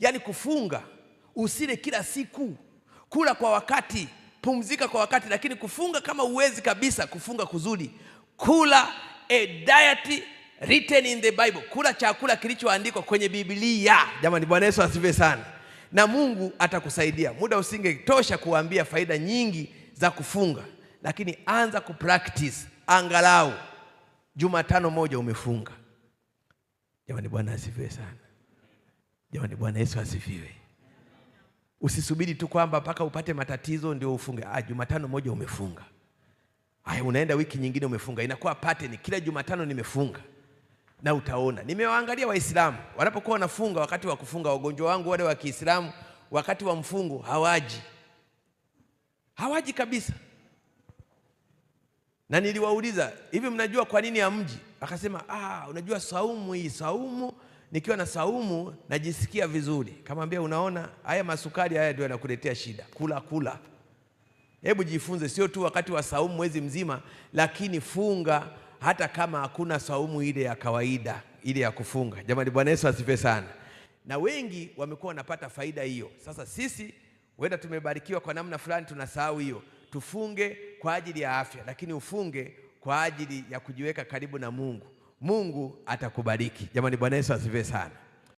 yaani kufunga, usile kila siku, kula kwa wakati, pumzika kwa wakati. Lakini kufunga kama uwezi kabisa, kufunga kuzuri, kula a diet written in the Bible, kula chakula kilichoandikwa kwenye Biblia. Jamani, Bwana Yesu asifiwe sana, na Mungu atakusaidia. Muda usingetosha kuambia faida nyingi za kufunga, lakini anza kupractice angalau Jumatano moja umefunga. Jamani, Bwana asifiwe sana. Jamani, Bwana Yesu asifiwe. Usisubiri tu kwamba mpaka upate matatizo ndio ufunge. Ah, Jumatano moja umefunga, haya, unaenda wiki nyingine umefunga, inakuwa pattern. Kila Jumatano nimefunga na utaona. Nimewaangalia Waislamu wanapokuwa wanafunga, wakati wa kufunga wagonjwa wangu wale wa Kiislamu, wakati wa mfungo hawaji, hawaji kabisa. Na niliwauliza hivi, mnajua kwa nini mji Akasema ah, unajua saumu hii, saumu nikiwa na saumu najisikia vizuri. Kamwambia, unaona haya masukari haya ndio yanakuletea shida, kula kula. Hebu jifunze, sio tu wakati wa saumu mwezi mzima, lakini funga hata kama hakuna saumu ile ya kawaida ile ya kufunga. Jamani, Bwana Yesu asifiwe sana. Na wengi wamekuwa wanapata faida hiyo. Sasa sisi wenda tumebarikiwa kwa namna fulani, tunasahau hiyo. Tufunge kwa ajili ya afya, lakini ufunge kwa ajili ya kujiweka karibu na Mungu. Mungu atakubariki. Jamani, Bwana Yesu asifiwe sana.